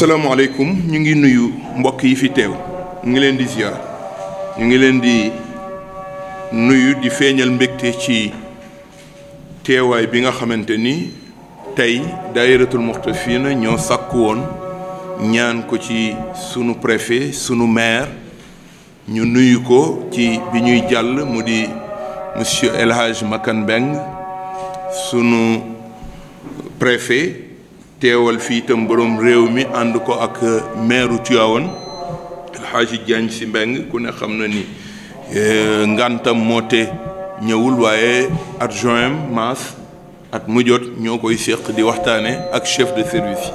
asalaamaaleykum ñu ngi nuyu mbokk yi fi teew mu ngi leen di ziar ñu ngi leen di nuyu di feeñal mbégte ci teewaay bi nga xamante ni tey daayiratul muxtafina ñoo sàkku woon ñaan ko ci sunu préfet sunu maire ñu nuyu ko ci bi ñuy jàll mu di monsieur El Hadj Makan Mbeng sunu préfet teewal fii itam borom réew mi ànd ko ak euh, meeru Tivaouane El Hadji Diagne Sy Mbengue ku ne xam na ni euh, ngantam moo te ñëwul waaye adjoint maas at mu jot ñoo koy séq di waxtaane ak chef de service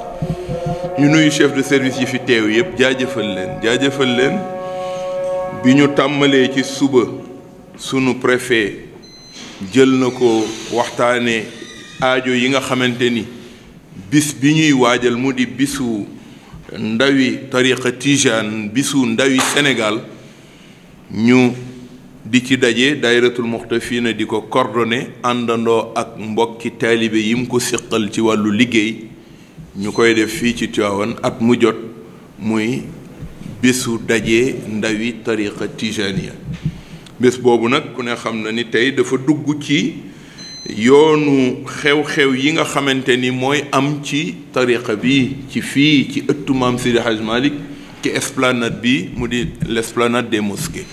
yi ñu nuyu chef de service yi fi teew yëpp jaajëfal leen jaajëfal leen bi ñu tàmbalee ci suba sunu préfet jël na ko waxtaane aajo yi nga xamante ni bis bi ñuy waajal mu di bisu ndawi tariqa tijaan bisu ndawi senegaal ñu di ci daje daayiratul muxtafina di ko coordonné àndandoo ak mbokki taalibe yi mu ko siqal ci wàllu liggéey ñu koy def fii ci Tiwaawan at mu jot muy bésu daje ndawi tariqa tijaaniya bés boobu nag ku ne xam na ni tey dafa dugg ci yoonu xew-xew yi nga xamante ni mooy am ci tariqa bi ci fii ci ëttu maam Sidi Hadj Malick ci esplanade bi mu di l'esplanade des mosquées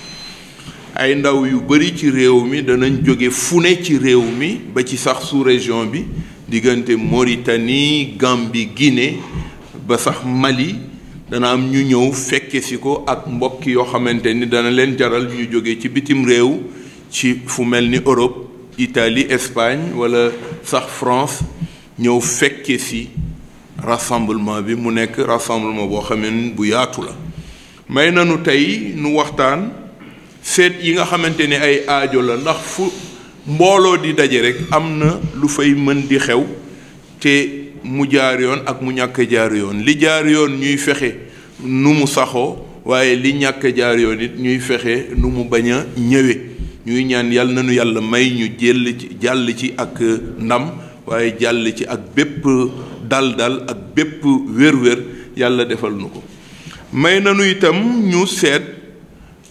ay ndaw yu bari ci réew mi danañ jóge fu ne ci réew mi ba ci sax sous-région bi diggante Mauritanie Gambie Guinée ba sax Mali dana am ñu ñëw fekke si ko ak mbokk yoo xamante ni dana leen jaral ñu jóge ci bitim réew ci fu mel ni Europe Italie Espagne wala sax France ñëw fekke si rassemblement bi mu nekk rassemblement boo xam ne bu yaatu la may nanu tey nu waxtaan seet yi nga xamante ne ay aajo la ndax fu mbooloo di daje rek am na lu fay mën di xew te mu jaar yoon ak mu ñàkk jaar yoon li jaar yoon ñuy fexe nu mu saxoo waaye li ñàkk jaar yoon it ñuy fexe nu mu bañ a ñëwee ñuy ñaan yàlla nañu yàlla may ñu jël ci jàll ci ak ndam waaye jàll ci ak bépp dal dal ak bépp wér yàlla defal nu ko may nanu itam ñu seet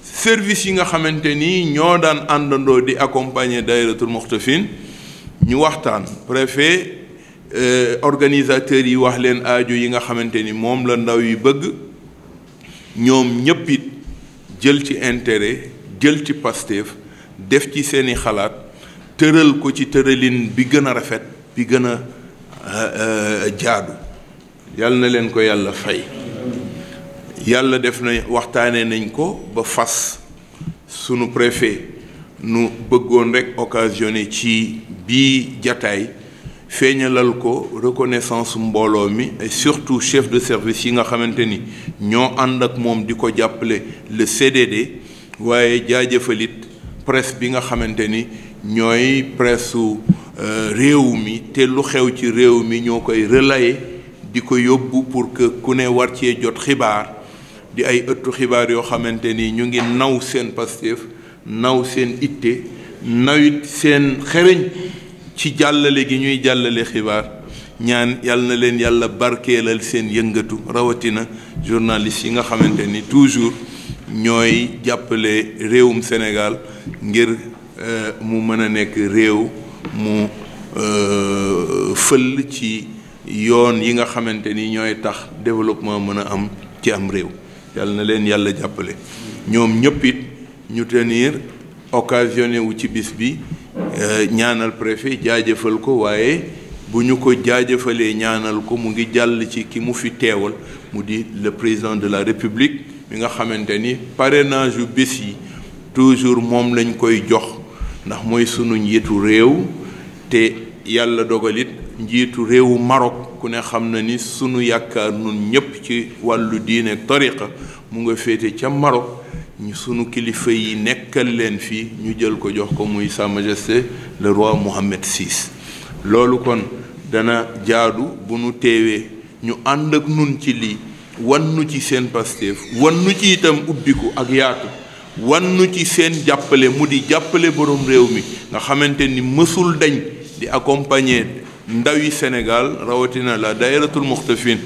service yi nga xamante ni ñoo daan àndandoo di accompagner dairatul muxtafin ñu waxtaan préfet euh, organisateurs yi wax leen aajo yi nga xamante ni moom la ndaw yi bëgg ñoom ñëpp it jël ci intérêt jël ci Pastef def ci seeni xalaat tëral ko ci tëralin bi gën a rafet bi gën a euh, euh, jaadu yàlla na leen ko yàlla fay yàlla def na waxtaanee nañ ko ba fas sunu préfet nu bëggoon rekk occasionné ci bii jataay feeñalal ko reconnaissance mbooloo mi surtout chef de service yi nga xamante ni ñoo ànd ak moom di ko jàppale le CDD waaye jaajëfalit presse bi nga xamante ni ñooy pressu su euh, réew mi te lu xew ci réew mi ñoo koy relayer di ko yóbbu pour que ku ne war cee jot xibaar di ay ëttu xibaar yoo xamante ni ñu ngi naw seen Pastef naw seen itte nawit seen xereñ ci jàllale gi ñuy jàllale xibaar ñaan yàlla na leen yàlla barkeelal seen yëngatu rawatina journaliste yi nga xamante ni toujours ñooy jàppale réewum Sénégal ngir euh, mu mën a nekk réew mu euh, fël ci yoon yi nga xamante ni ñooy tax développement mën a am ci am réew yàlla na leen yàlla jàppale ñoom ñëpp it ñu tenir occasionné wu ci bis bi euh, ñaanal préfet jaajëfal ko waaye bu ñu ko jaajëfalee ñaanal ko mu ngi jàll ci ki mu fi teewal mu di le président de la république bi nga xamante ni parenage yu bis yi toujours moom lañ koy jox ndax mooy sunu njiitu réew te yàlla dogalit njiitu réewu Maroc ku ne xam na ni sunu yaakaar nun ñépp ci wàllu diine tariqa mu nga féete ca Maroc sunu kilifa yi nekkal leen fii ñu jël ko jox ko muy sa majesté le roi Mohammed VI loolu kon dana jaadu bu nu teewee ñu ànd ak nun ci lii wannu ci seen pasteef wan nu ci itam ubbiku ak yaatu wan nu ci seen jàppale mu di jàppale borom réew mi nga xamante ni mësul deñ di accompagner ndawi Sénégal rawatina la dairatul muxtafin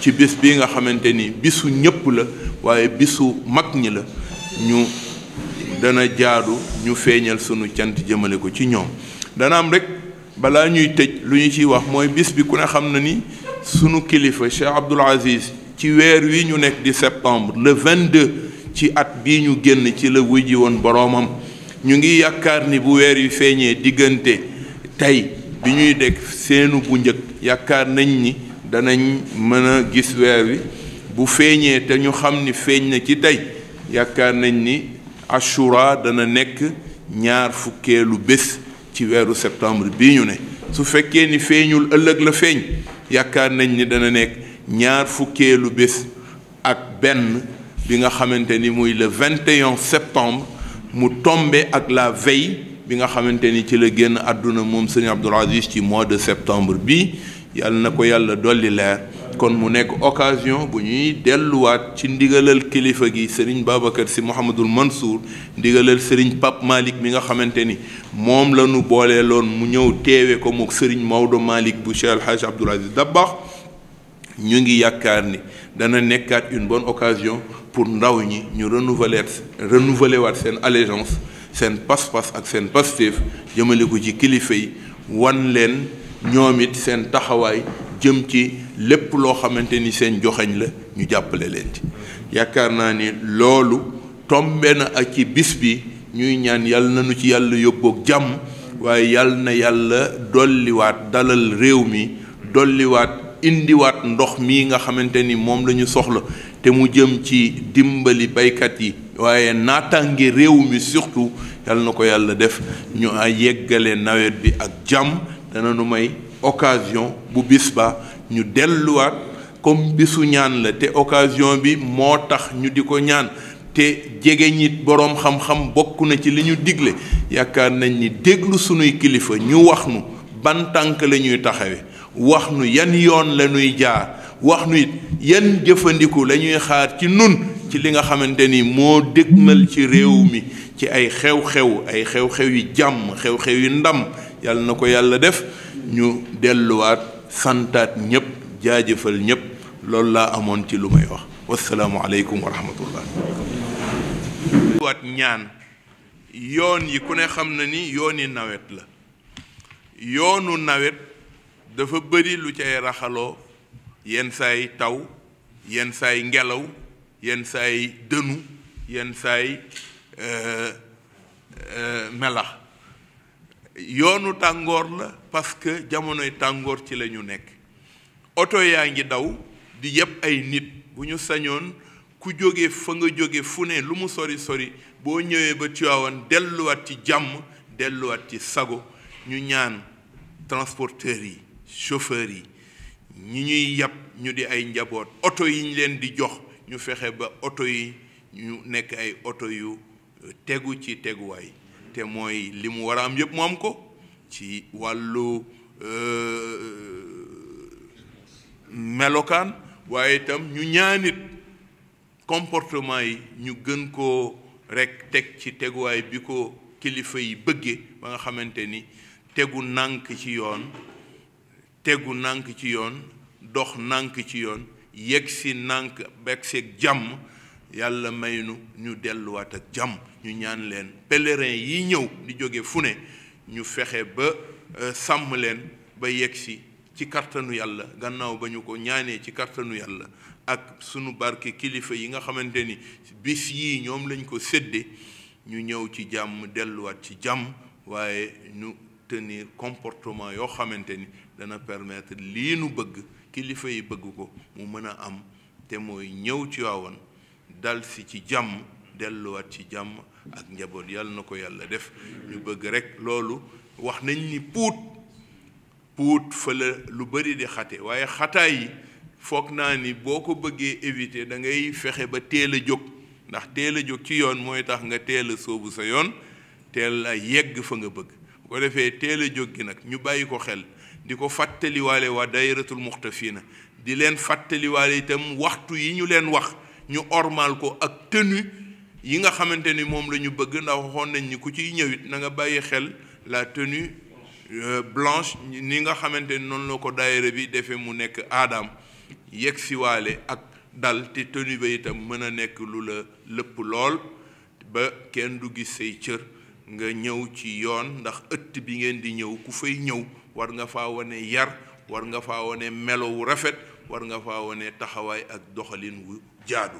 ci bis bi nga xamante ni bisu ñëpp la waaye bisu mag ñi la ñu dana jaadu ñu feeñal sunu cant jëmale ko ci ñoom dana am rek balaa ñuy tëj lu ñu ciy wax mooy bis bi ku ne xam na ni sunu kilifa Cheikh Abdoul Aziz ci weer wi ñu nekk di septembre le 22 ci at bi ñu génn ci la wujji woon boroomam ñu ngi yaakaar ni bu weer yu feeñee diggante tey bi ñuy dégg seenu bu njëkk yaakaar nañ ni danañ mën a gis weer wi bu feeñee te ñu xam ni feeñ na ci tey yaakaar nañ ni ashura dana nekk ñaar fukkeelu bés ci weeru septembre bi ñu ne su fekkee ni feeñul ëllëg la feeñ yaakaar nañ ni dana nekk ñaar fukkeelu bés ak benn bi nga xamante ni muy le 21 septembre mu tombe ak la veille bi nga xamante ni ci la génn àdduna moom sëñ Abdoul Aziz ci mois de septembre bi yàlla na ko yàlla dolli leer kon mu nekk occasion bu ñuy delluwaat ci ndigalal kilifa gi sëriñ Babacar si Mouhamadul Mansour ndigalal sëriñ Pape Malick bi nga xamante ni moom la ñu boolee loon mu ñëw teewe ko mu sëriñ Maodo Malick bu Cheikh El Hadj Abdoul Aziz Dabakh ñu ngi yaakaar ni dana nekkaat une bon occasion pour ndaw ñi ñu renouveler renouveler seen allégeance seen pas-pas ak seen pastéef jëmale ko ci kilifa yi wan leen ñoom it seen taxawaay jëm ci lépp loo xamante ni seen joxañ la ñu jàppale leen ci yaakaar naa ni loolu tombe na ak ci bis bi ñuy ñaan yàlla nañu ci yàlla yóbboog jàmm waaye yàlla na yàlla dolliwaat dalal réew mi dolliwaat indiwaat ndox mii nga xamante ni moom lañu soxla te mu jëm ci dimbali baykat yi waaye naataange réew mi surtout yàlla na ko yàlla def ñu a yeggale nawet bi ak jàmm dana nu may occasion bu bis ba ñu delluwaat comme bisu ñaan la te occasion bi moo tax ñu di ko ñaan te jege ñit boroom xam-xam bokk na ci li ñu digle yaakaar nañ ni déglu sunuy kilifa ñu wax nu ban tànk la taxawee wax nu yan yoon la ñuy jaar wax nu it yan jëfandiku lañuy xaar ci nun ci li nga xamante ni moo dégmal ci réew mi ci ay xew-xew ay xew-xew yu jàmm xew-xew yu ndam yàlla na ko yàlla def ñu delluwaat santaat ñépp jaajëfal ñépp loolu laa amoon ci lu may wax wasalaamualeykum wa rahmatullah yoon yi ku ne xam na ni yooni nawet la yoonu nawet dafa bëri lu cay raxaloo yenn saay taw yenn saay ngelaw yenn saay dënu yenn saay euh, euh, melax yoonu tàngoor la parce que jamonoy tàngoor ci la ñu nekk oto yaa ngi daw di yëpp ay nit bu ñu sañoon ku jóge fa nga jóge fu ne lu mu sori sori boo ñëwee ba Tiwaawan delluwaat ci jàmm delluwaat ci sago ñu ñaan transporteurs yi chauffeur yi ñi ñuy yàpp ñu di ay njaboot oto yi ñu leen di jox ñu fexe ba oto yi ñu nekk ay oto yu tegu ci teguwaay te mooy li mu war a am yëpp mu am ko ci wàllu euh, melokaan waaye itam ñu ñaanit comportement yi ñu gën koo rekk teg ci teguwaay bi ko kilifa yi bëggee ba nga xamante ni tegu nànk ci yoon tegu nànk ci yoon dox nànk ci yoon yegg nànk beg seeg jàmm yàlla may nu ñu delluwaat ak jàmm ñu ñaan leen pèlerin yi ñëw di jóge fu ne ñu fexe ba euh, sàmm leen ba yegg si ci kartanu yàlla gannaaw ba ñu ko ñaanee ci kàttanu yàlla ak sunu barke kilifa yi nga xamante ni bis yii ñoom lañ ko séddee ñu ñëw ci jàmm delluwaat ci jàmm waaye ñu tenir comportement yoo xamante ni dana permettre lii nu bëgg kilifa yi bëgg ko mu mën a am te mooy ñëw Tiwaawan dal si ci jàmm delluwaat ci jàmm ak njaboot yàlla na ko yàlla def ñu bëgg rek loolu wax nañ ni puut puut fële lu bari di xate waaye xataa yi foog naa ni boo ko bëggee éviter da ngay fexe ba teel a jóg ndax teel a jóg ci yoon mooy tax nga teel a sóobu sa yoon teel a yegg fa nga bëgg bu ko defee teel a jóg gi nag ñu bàyyi ko xel di ko fàttaliwaale waa dayratul muxtafiina di leen fàttaliwaale itam waxtu yi ñu leen wax ñu ormal ko ak tenue yi nga xamante ni moom la ñu bëgg ndax waxoon nañ ni ku ciy ñëwit na nga bàyyi xel la tenue euh, blanche ni nga xamante noonu la ko daayira bi defee mu nekk aadaam yegg siwaale ak dal te tenue ba itam mën a nekk lu la lëpp lool ba kenn du gis say cër nga ñëw ci yoon ndax ëtt bi ngeen di ñëw ku fay ñëw war nga fa wane yar war nga fa wane melo wu rafet war nga fa wane taxawaay ak doxalin wu jaadu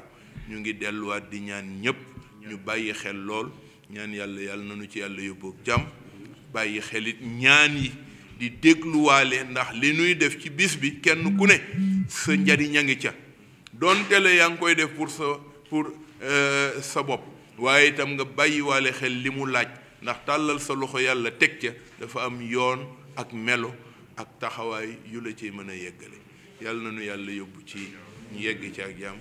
ñu ngi delluwaat di ñaan ñépp ñu bàyyi xel lool ñaan yàlla yàlla nañu ci yàlla yóbboog jàmm bàyyi xelit ñaan yi di dégluwaale ndax li nuy def ci bis bi kenn ku ne sa njariñ a ngi ca doon tele yaa ngi koy def pour sa pour euh, sa bopp waaye itam nga bàyyiwaale xel li mu laaj ndax tàllal sa loxo yàlla teg ca dafa am yoon ak melo ak taxawaay yu la ci mën a yeggale yàlla na nu yàlla yóbbu ci yegg ci ak jàmm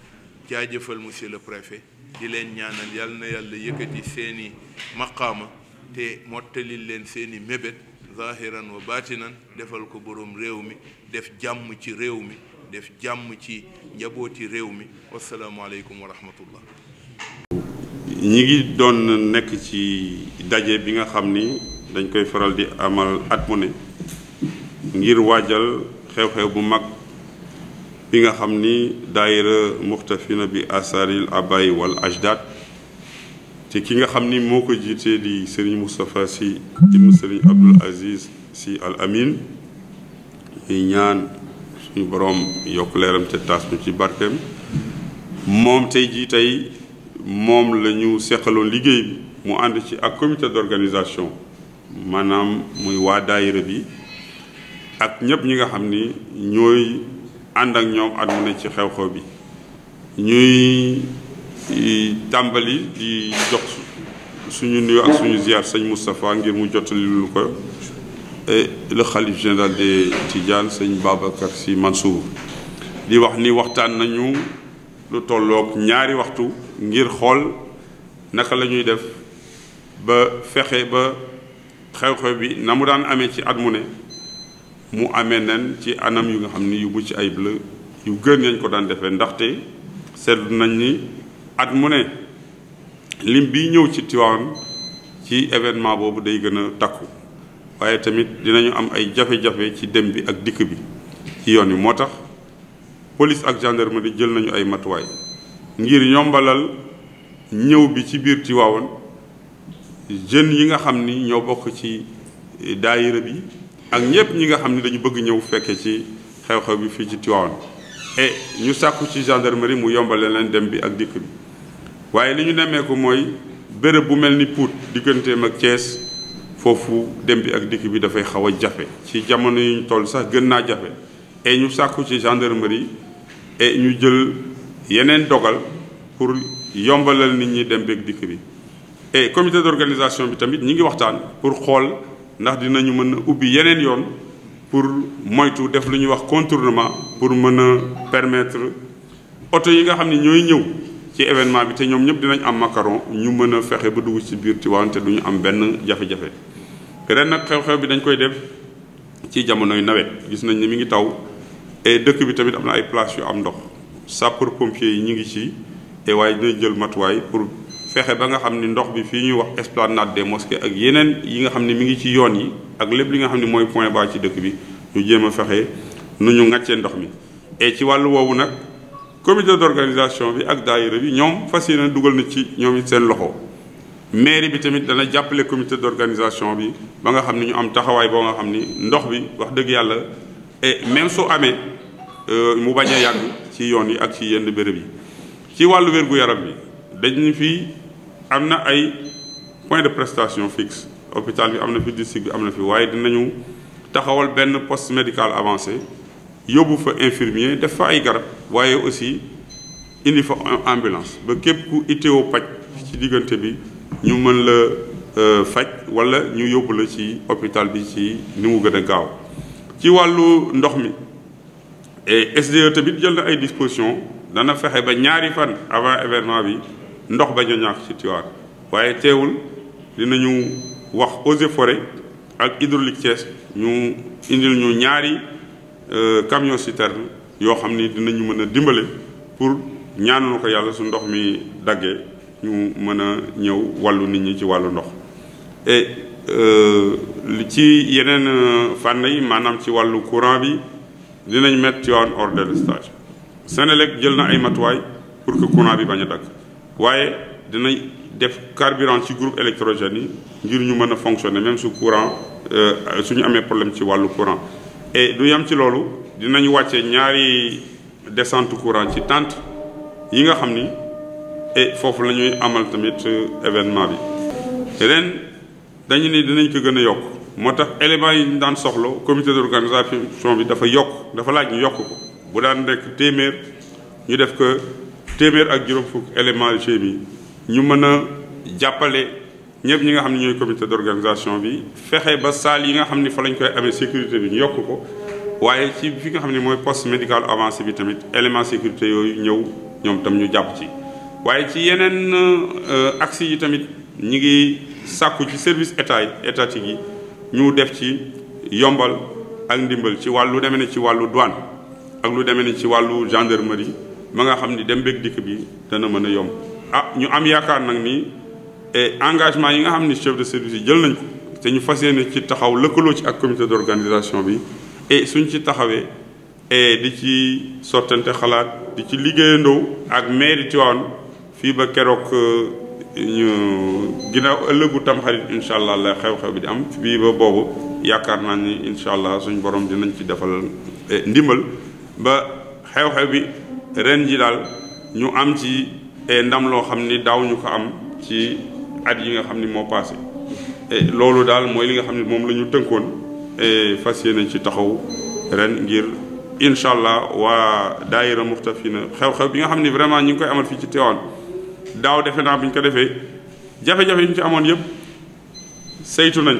jaajëfal monsieur le préfet di leen ñaanal yàlla na yàlla yëkkati seeni maqaama te mottali leen seeni mébét zahiran wa baatinan defal ko boroom réew mi def jàmm ci réew mi def jàmm ci njabooti réew mi wasalaamaaleykum wa rahmatullah ñi ngi doon nekk ci daje bi nga xam ni dañ koy faral di amal at mu ne ngir waajal xew-xew bu mag bi nga xam ni daayira muxtafina bi asaril abay wal ajdaat te ki nga xam ni moo ko jiitee di sëriñ Moustapha si ibnu sëriñ Abdul Aziz si al amin ñuy ñaan suñu borom yokk leeram te taas ñu ci barkeem moom tey jii moom la ñu seqaloon liggéey bi mu ànd ci ak comité d'organisation maanaam muy waa daayira bi ak ñëpp ñi nga xam ni ñooy ànd ak ñoom ak mu ne ci xew-xew bi ñuy e, tàmbali di jox suñu nuyu ak suñu ziar sëñ Moustapha ngir mu jottali lu ko e, le xalif général des Tidianes sëñ Babacar Sy Mansour di wax ni waxtaan nañu lu tollook ñaari waxtu ngir xool naka la ñuy def ba fexe ba xew-xew bi na mu daan amee ci at mu ne mu amee nen ci anam yu nga xam ni yu mucc ayib la yu gën nañ ko daan defee ndaxte seetlu nañ ni at mu ne lim bi ñëw ci Tiwaawan ci événement boobu day gën a takku waaye tamit dinañu am ay jafe-jafe ci dem bi ak dikk bi ci yoon yi moo tax police ak di jël nañu ay matuwaay ngir yombalal ñëw bi ci biir Tiwaawan jën yi nga xam ni ñoo bokk ci daayira bi ak ñëpp ñi nga xam ni dañu bëgg ñëw fekke ci xew-xew bi fii ci Tivaouane et ñu sàkku ci gendarmerie mu yombale leen dem bi ak dikk bi waaye li ñu nemmeeku mooy béréb bu mel ni Pout digganteem ak Thiès foofu dem bi ak dikk bi dafay xaw a jafe ci jamono yi ñu toll sax gën naa jafe et ñu sàkku ci gendarmerie et ñu jël yeneen dogal pour yombalal nit ñi dem bi ak dikk bi et comité d'organisation bi tamit ñi ngi waxtaan pour xool ndax dinañu mën a ubbi yeneen yoon pour moytu def lu ñuy wax contournement pour mën a permettre oto yi nga xam ne ñooy ñëw ci événement bi te ñoom ñëpp dinañ am macaron ñu mën a fexe ba dugg ci biir Tivaouane te duñu am benn jafe-jafe ren nag xew-xew bi dañ koy def ci jamonoy nawet gis nañ ni mi ngi taw dëkk bi tamit am na ay place yu am ndox sapeur pompier yi ñu ngi ci et waaye dinañ jël matuwaay pour fexe ba nga xam ni ndox bi fii ñuy wax esplanade des mosquées ak yeneen yi nga xam ne mu ngi ci yoon yi ak lépp li nga xam ne mooy point bas ci dëkk bi ñu jéem a fexe nu ñu ŋàccee ndox mi. et ci wàllu woowu nag comité d'organisation bi ak daayira bi ñoom fas yéene dugal na ci ñoom it seen loxo mairie bi tamit dana jàppale comité d'organisation bi ba nga xam ni ñu am taxawaay boo nga xam ni ndox bi wax dëgg yàlla et su amee euh, mu bañ a yàgg ci yoon yi ak ci yenn béréb yi ci wàllu wér yaram am na ay point de prestation fixe hôpital bi am na fi district bi am na fi waaye dinañu taxawal benn poste médical avancé yóbbu fa infirmier def fa ay garab waaye aussi indi fa ambulance ba képp ku itteewoo paj ci diggante bi ñu mën la euh, faj walla ñu yóbbu la ci hôpital bi ci ni mu gën gaaw ci wàllu ndox mi et SDE tamit jël na ay dispositions dana fexe ba ñaari fan avant événement bi ndox ba ñu ñàkk ci Tivaouane waaye teewul dinañu wax eaux et ak hydraulique Thiès ñu indil ñu ñaari euh, camion citerne yoo xam ni dinañu mën a dimbale pour ñaanunu ko yàlla su ndox mi daggee ñu mën a ñëw wàllu nit ñi ci wàllu ndox et euh, li ci yeneen euh, fànn yi maanaam ci wàllu courant bi dinañ mettre Tivaouane hors délestage Senelec jël na ay matuwaay pour que courant bi bañ a dagg waaye dina def carburant ci groupe électrogène yi ngir ñu mën a fonctionner même su courant euh, su ñu amee problème ci wàllu courant et du yem ci loolu dinañ wàcce ñaari descente courant ci tente yi nga xam ni foofu la ñuy amal tamit euh, événement bi ren dañu ni dinañ ko gën a yokk moo tax éléments yi ñu daan soxla comité d'organisation bi dafa yokk dafa laaj ñu yokk ko bu daan nekk téeméer ñu def ko téeméer ak juróom fukk élément GMI ñu mën a jàppale ñëpp ñi nga xam ne ñooy comité d'organisation bi fexe ba salle yi nga xam ne fa lañ koy amee sécurité bi ñu yokk ko waaye ci fi nga xam ne mooy poste médical avancé bi tamit élément sécurité yooyu ñëw ñoom tam ñu jàpp ci waaye ci yeneen euh, axes yi tamit ñi ngi sàkku ci service état yi étatique yi ñu def ci yombal ak ndimbal ci wàllu demee ne ci wàllu douane ak lu demee ne ci wàllu gendarmerie ma nga xam ni dem beeg dikk bi dana mën a yomb ah ñu am yaakaar nag ni eh, engagement yi nga xam ni chef de service yi jël nañ te ñu fas yéene ci taxaw lëkkaloo ci ak comité d'organisation bi suñ ci taxawee eh, di ci sottente xalaat di ci liggéeyandoo ak mairie Tivaouane fii ba keroog eh, ñu ginnaaw ëllëgu tamxarit incha allah la xew-xew bi di am fii ba boobu yaakaar naa ni incha allah suñ borom dinañ ci defal ndimbal ba xew-xew bi. ren ji daal ñu am ci eh, ndam loo xam ni daaw ñu ko am ci at yi nga xam ni moo paase eh, loolu daal mooy li nga xam ne moom la ñu tënkoon eh, fas yéene ci taxaw ren ngir incha allah waa daayira muxtafina xew-xew bi nga xam ni vraiment ñu ngi koy amal fii ci Tivaouane daaw defe naa bu ñu ko defee jafe-jafe ñu ci amoon yëpp saytu nañ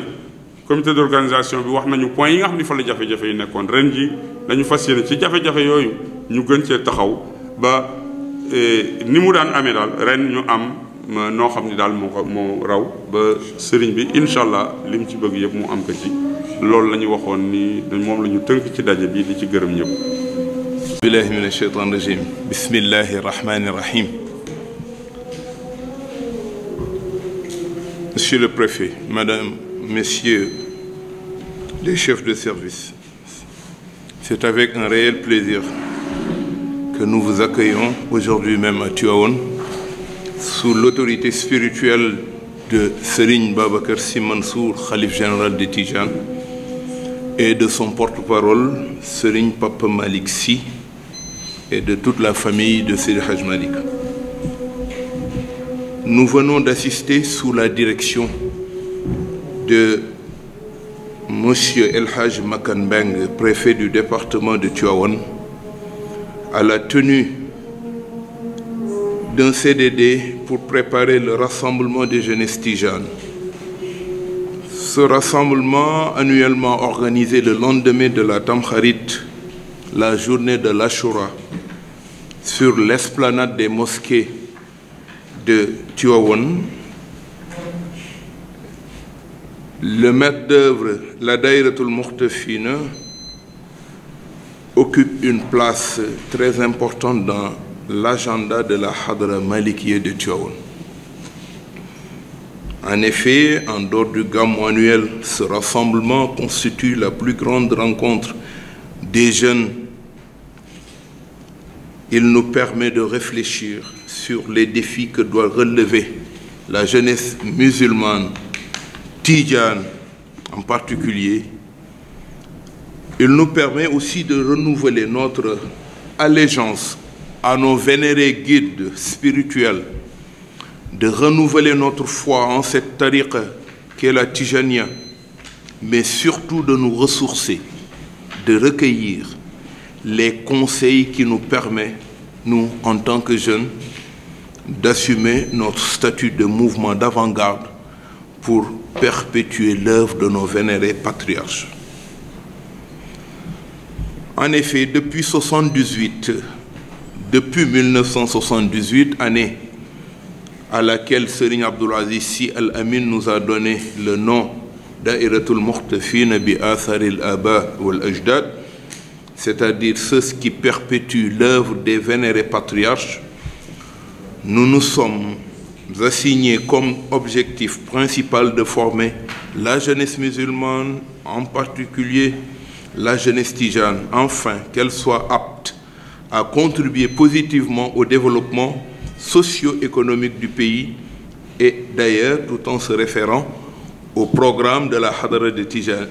comité d'organisation bi wax nañu point yi nga xam ni fa la jafe-jafe yi nekkoon ren ji dañu fas yéene ci jafe-jafe yooyu ñu gën cee taxaw ba e, ni mu daan amee daal ren ñu am noo xam ni daal moo ko moo raw ba sëriñ bi incha allah li mu ci bëgg yëpp mu am ko ci loolu la ñu waxoon ni moom la ñu tënk ci daje bi di ci gërëm ñëpp billahi min asheytan rajim bismillahi rahmani rahim monsieur le préfet madame messieurs les chefs de service c'est avec un réel plaisir que nous vous accueillons aujourd'hui même à Tivaouane sous l'autorité spirituelle de Serigne Babacar Sy Mansour, khalife général des Tidjanes et de son porte-parole Serigne Papa Malick Sy et de toute la famille de Seydi Hadj Malick. Nous venons d'assister sous la direction de Monsieur El Hadj préfet du département de Tivaouane à la tenue d'un CDD pour préparer le rassemblement des jeunesses tijanes. Ce rassemblement annuellement organisé le lendemain de la Tamkharit, la journée de l'Ashura, sur l'esplanade des mosquées de Tivaouane, le maître d'œuvre, la Daïratul Muqtafina, occupe une place très importante dans l'agenda de la Hadra Malikiye de Tivaouane. En effet, en dehors du Gamou annuel, ce rassemblement constitue la plus grande rencontre des jeunes. Il nous permet de réfléchir sur les défis que doit relever la jeunesse musulmane, tidjane en particulier, Il nous permet aussi de renouveler notre allégeance à nos vénérés guides spirituels, de renouveler notre foi en cette tariqa qu'est la Tijania, mais surtout de nous ressourcer, de recueillir les conseils qui nous permettent, nous, en tant que jeunes, d'assumer notre statut de mouvement d'avant-garde pour perpétuer l'œuvre de nos vénérés patriarches. En effet, depuis 78, depuis 1978, année à laquelle Serigne Abdoul Aziz Sy Al Amine nous a donné le nom Daïratul Muqtafina bi Atharil Aba wal Ajdad, c'est-à-dire ceux qui perpétuent l'œuvre des vénérés patriarches, nous nous sommes assignés comme objectif principal de former la jeunesse musulmane, en particulier la jeunesse tijane, enfin, qu'elle soit apte à contribuer positivement au développement socio-économique du pays et d'ailleurs tout en se référant au programme de la Hadara de, Tijan,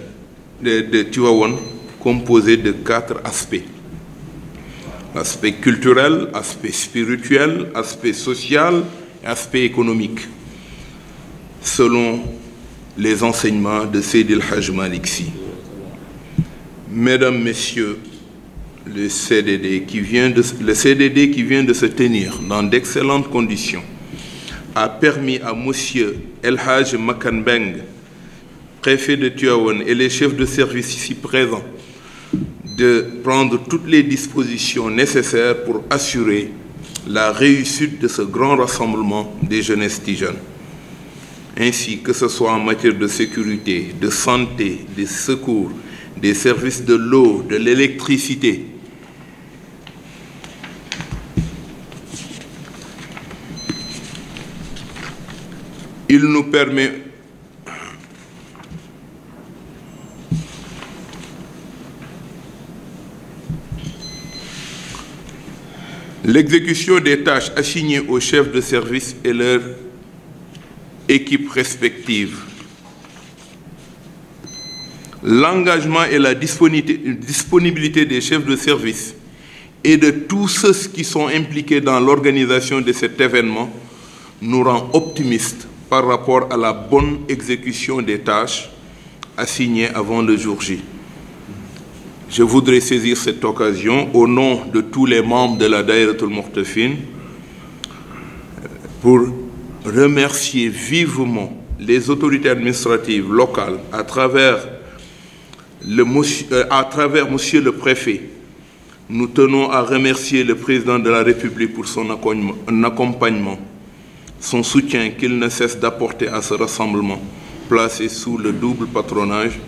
de, de Tiwawan composé de quatre aspects. Aspect culturel, aspect spirituel, aspect social et aspect économique, selon les enseignements de Seydil Hajj Maliksi. Mesdames, Messieurs, le CDD qui vient de, le CDD qui vient de se tenir dans d'excellentes conditions a permis à Monsieur El Hadj Makan Beng, préfet de Tivaouane, et les chefs de service ici présents de prendre toutes les dispositions nécessaires pour assurer la réussite de ce grand rassemblement des jeunesses tijanes. Ainsi, que ce soit en matière de sécurité, de santé, des secours des services de l'eau, de l'électricité. Il nous permet l'exécution des tâches assignées aux chefs de service et leurs équipes respectives. l'engagement et la disponibilité des chefs de service et de tous ceux qui sont impliqués dans l'organisation de cet événement nous rend optimistes par rapport à la bonne exécution des tâches assignées avant le jour J. Je voudrais saisir cette occasion au nom de tous les membres de la Daïratul Mortefine pour remercier vivement les autorités administratives locales à travers le monsieur, à travers Monsieur le Préfet, nous tenons à remercier le Président de la République pour son accompagnement, son soutien qu'il ne cesse d'apporter à ce rassemblement, placé sous le double patronage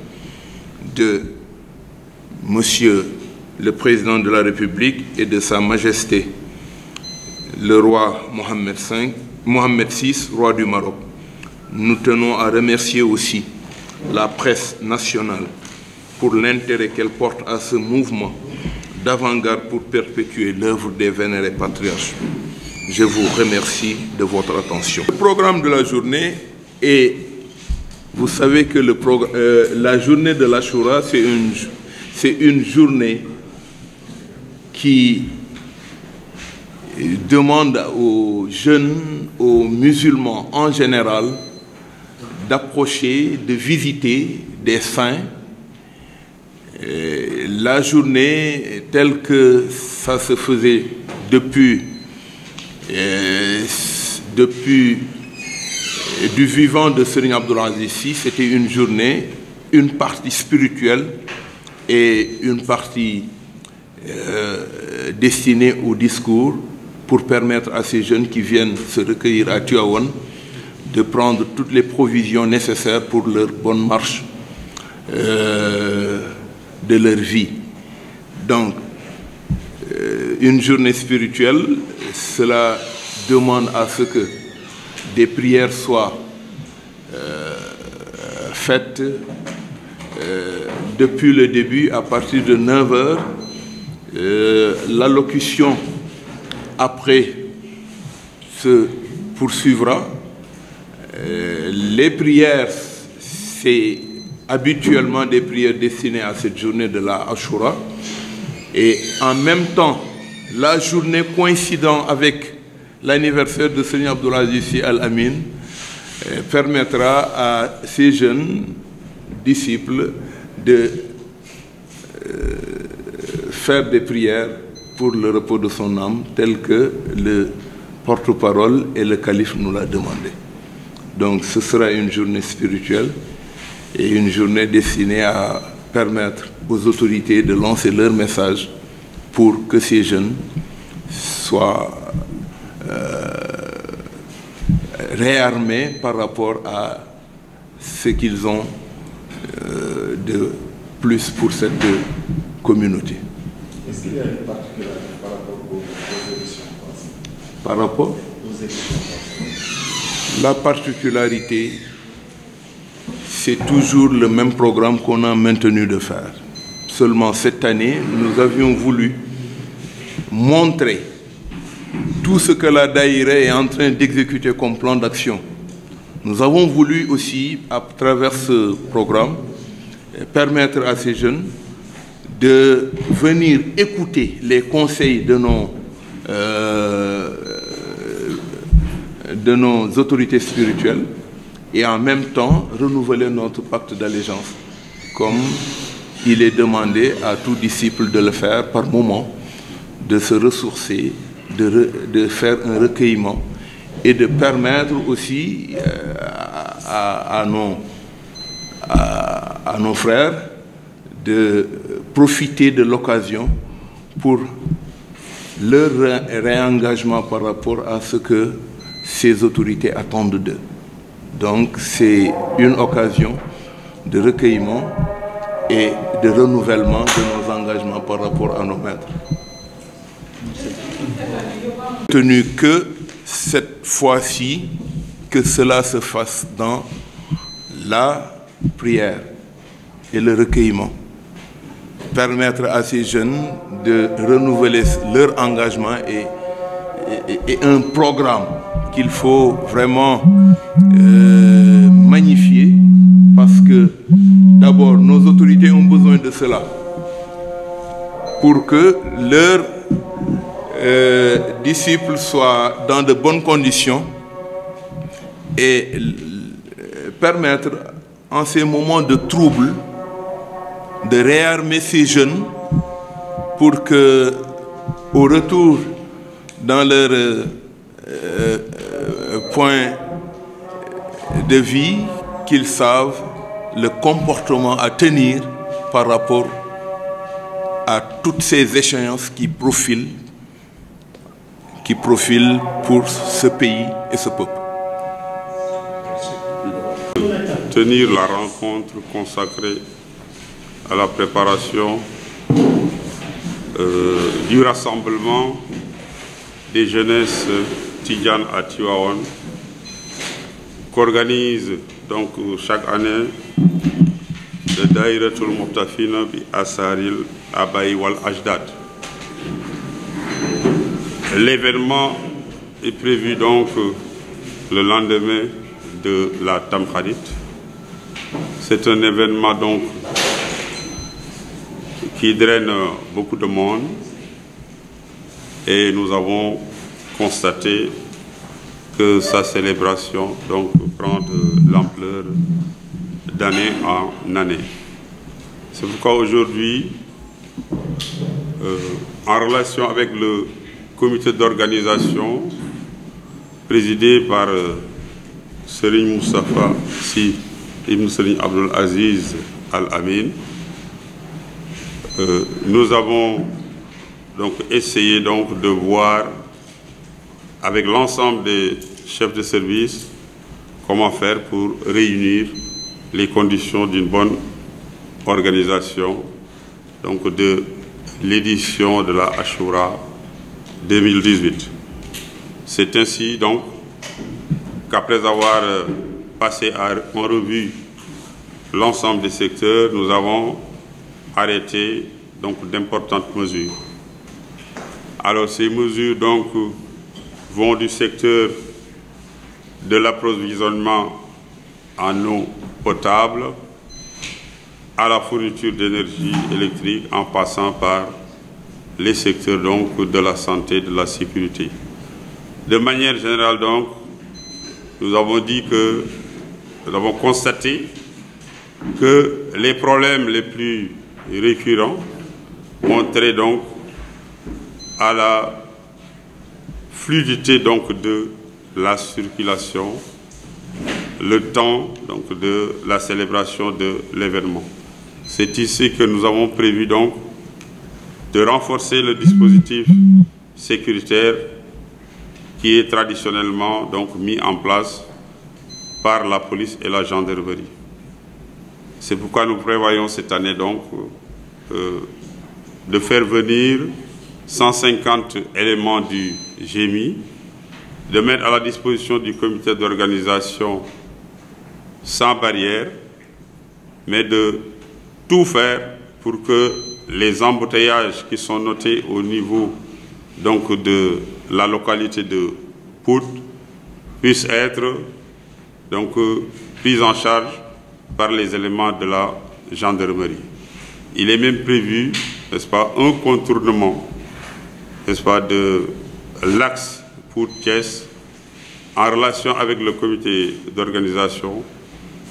de Monsieur le Président de la République et de Sa Majesté, le roi Mohamed V, Mohamed VI, roi du Maroc. Nous tenons à remercier aussi la presse nationale pour l'intérêt qu'elle porte à ce mouvement d'avant-garde pour perpétuer l'œuvre des vénérés patriarches. Je vous remercie de votre attention. programme de la journée est, vous savez que euh, la journée de l'Ashura, c'est une, c'est une journée qui demande aux jeunes, aux musulmans en général, d'approcher, de visiter des saints Euh, la journée telle que ça se faisait depuis, euh, depuis euh, du vivant de Serigne Abdoul Aziz Sy, c'était une journée, une partie spirituelle et une partie euh, destinée au discours pour permettre à ces jeunes qui viennent se recueillir à Tivaouane de prendre toutes les provisions nécessaires pour leur bonne marche. de leur vie. Donc, euh, une journée spirituelle, cela demande à ce que des prières soient euh, faites euh, depuis le début, à partir de 9 heures. Euh, l'allocution après se poursuivra. Euh, les prières, c'est habituellement des prières destinées à cette journée de la Ashura. Et en même temps, la journée coïncidant avec l'anniversaire de Seigneur Abdoulaziz Al-Amin eh, permettra à ces jeunes disciples de euh, faire des prières pour le repos de son âme, tel que le porte-parole et le calife nous l'a demandé. Donc ce sera une journée spirituelle. et une journée destinée à permettre aux autorités de lancer leur message pour que ces jeunes soient euh, réarmés par rapport à ce qu'ils ont euh, de plus pour cette communauté. La particularité, c'est toujours le même programme qu'on a maintenu de faire. Seulement cette année, nous avions voulu montrer tout ce que la Daïra est en train d'exécuter comme plan d'action. Nous avons voulu aussi, à travers ce programme, permettre à ces jeunes de venir écouter les conseils de nos, euh, de nos autorités spirituelles et en même temps renouveler notre pacte d'allégeance, comme il est demandé à tout disciple de le faire par moment, de se ressourcer, de, re, de faire un recueillement et de permettre aussi euh, à, à, nos, à, à nos frères de profiter de l'occasion pour leur réengagement par rapport à ce que ces autorités attendent d'eux. Donc c'est une occasion de recueillement et de renouvellement de nos engagements par rapport à nos maîtres. Tenu que cette fois-ci, que cela se fasse dans la prière et le recueillement. Permettre à ces jeunes de renouveler leur engagement et, et, et un programme qu'il faut vraiment euh, magnifier parce que d'abord nos autorités ont besoin de cela pour que leurs euh, disciples soient dans de bonnes conditions et euh, permettre en ces moments de trouble de réarmer ces jeunes pour que au retour dans leur euh, Euh, euh, point de vue qu'ils savent le comportement à tenir par rapport à toutes ces échéances qui profilent, qui profilent pour ce pays et ce peuple. Tenir la rencontre consacrée à la préparation euh, du rassemblement des jeunesses Tidiane à chaque année le Daïratul Muqtafina bi Asaril Abay Wal Ajdad. L'événement est prévu donc le lendemain de la Tamkharit. C'est un événement donc qui draine beaucoup de monde et nous avons constater que sa célébration donc prend de l'ampleur d'année en année. C'est pourquoi aujourd'hui, euh, en relation avec le comité d'organisation présidé par euh, Serigne Moustapha Sy Ibn Serigne Abdoul Aziz Al Amin, euh, nous avons donc essayé donc de voir avec l'ensemble des chefs de service comment faire pour réunir les conditions d'une bonne organisation donc de l'édition de la Ashura 2018. C'est ainsi donc qu'après avoir euh, passé en revue l'ensemble des secteurs, nous avons arrêté donc d'importantes mesures. Alors vont du secteur de l'approvisionnement en eau potable à la fourniture d'énergie électrique en passant par les secteurs donc de la santé, de la sécurité. De manière générale donc, nous avons dit que nous avons constaté que les problèmes les plus récurrents ont donc à fluidité donc de la circulation, le temps donc de la célébration de l'événement. C'est ici que nous avons prévu donc de renforcer le dispositif sécuritaire qui est traditionnellement donc mis en place par la police et la gendarmerie. C'est pourquoi nous prévoyons cette année donc euh, de faire venir 150 éléments du GMI, de mettre à la disposition du comité d'organisation sans barrière, mais de tout faire pour que les embouteillages qui sont notés au niveau donc de la localité de Pout puissent être donc euh, pris en charge par les éléments de la gendarmerie. Il est même prévu, n'est-ce pas, un contournement n'est-ce pas, de l'axe pour Thiès, en relation avec le comité d'organisation,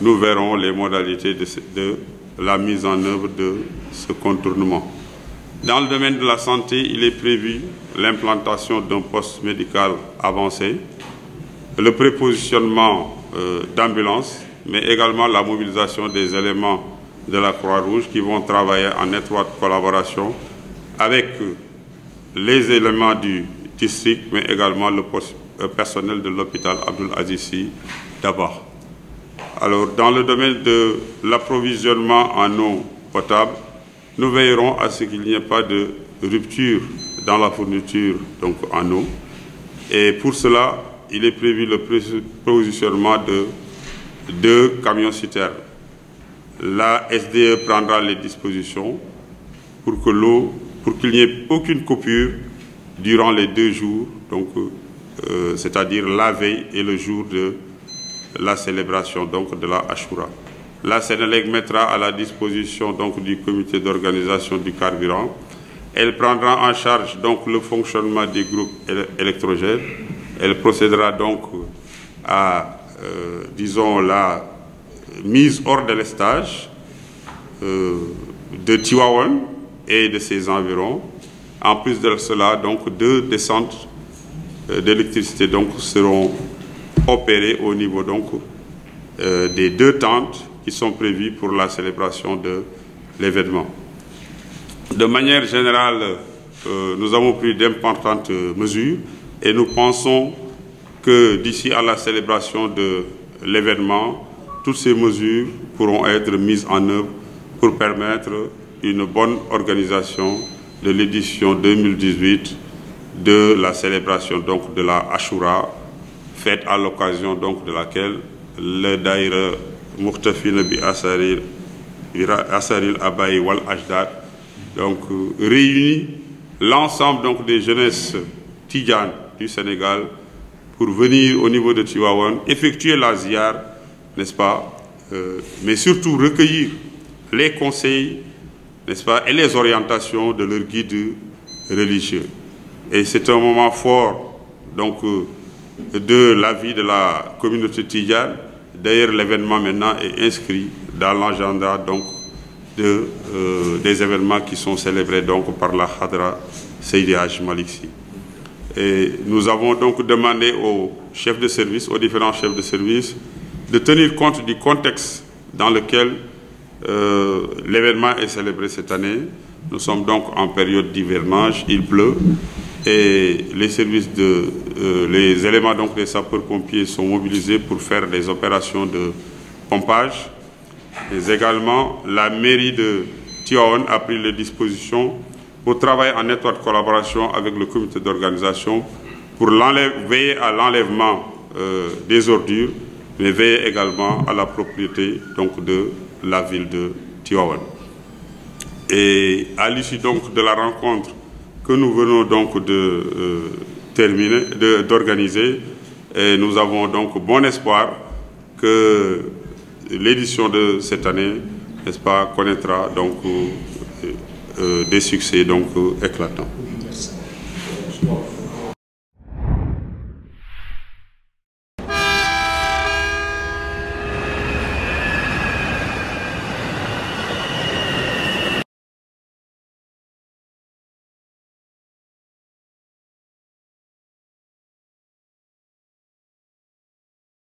nous verrons les modalités de, de la mise en œuvre de ce contournement. Dans le domaine de la santé, il est prévu l'implantation d'un poste médical avancé, le prépositionnement euh, d'ambulances, mais également la mobilisation des éléments de la Croix-Rouge qui vont travailler en étroite collaboration avec les éléments du district, mais également le euh, personnel de l'hôpital Abdul Azizi d'abord. Alors, dans le domaine de l'approvisionnement en eau potable, nous veillerons à ce qu'il n'y ait pas de rupture dans la fourniture donc en eau. Et pour cela, il est prévu le positionnement de deux camions citernes. La SDE prendra les dispositions pour que l'eau pour qu'il n'y ait aucune coupure durant les deux jours, donc euh, c'est-à-dire la veille et le jour de la célébration donc de la Ashura. La Sénélec mettra à la disposition donc du comité d'organisation du carburant. Elle prendra en charge donc le fonctionnement des groupes électrogènes. Elle procédera donc à euh, disons la mise hors de euh, de Tivaouane et de ses environs. En plus de cela, donc deux descentes euh, d'électricité donc seront opérées au niveau donc euh, des deux tentes qui sont prévues pour la célébration de l'événement. De manière générale, euh, nous avons pris d'importantes euh, mesures et nous pensons que d'ici à la célébration de l'événement, toutes ces mesures pourront être mises en œuvre pour permettre une bonne organisation de l'édition 2018 de la célébration donc de la Ashura, fête à l'occasion donc de laquelle le daïra Muqtafina bi Asaril Asaril Abaye Wal Ajdad donc réunit l'ensemble donc des jeunesses tidjanes du Sénégal pour venir au niveau de Tivaouane effectuer la ziar, n'est-ce pas, euh, mais surtout recueillir les conseils n'est-ce pas, et les orientations de leur guide religieux. Et c'est un moment fort donc, euh, de la vie de la communauté tidjane. D'ailleurs, l'événement maintenant est inscrit dans l'agenda donc, de, euh, des événements qui sont célébrés donc, par la Hadra Seydi Maliksi. Et nous avons donc demandé aux chefs de service, aux différents chefs de service, de tenir compte du contexte dans lequel Euh, l'événement est célébré cette année. Nous sommes donc en période d'hivernage, il pleut et les services de euh, les éléments donc des sapeurs-pompiers sont mobilisés pour faire des opérations de pompage. Mais également, la mairie de Tivaouane a pris les dispositions pour travailler en étroite collaboration avec le comité d'organisation pour veiller à l'enlèvement euh, des ordures, mais veiller également à la propriété donc de la ville de Tivaouane. Et à l'issue donc de la rencontre que nous venons donc de euh, terminer, d'organiser, nous avons donc bon espoir que l'édition de cette année, n'est-ce pas, connaîtra donc euh, euh des succès donc éclatants.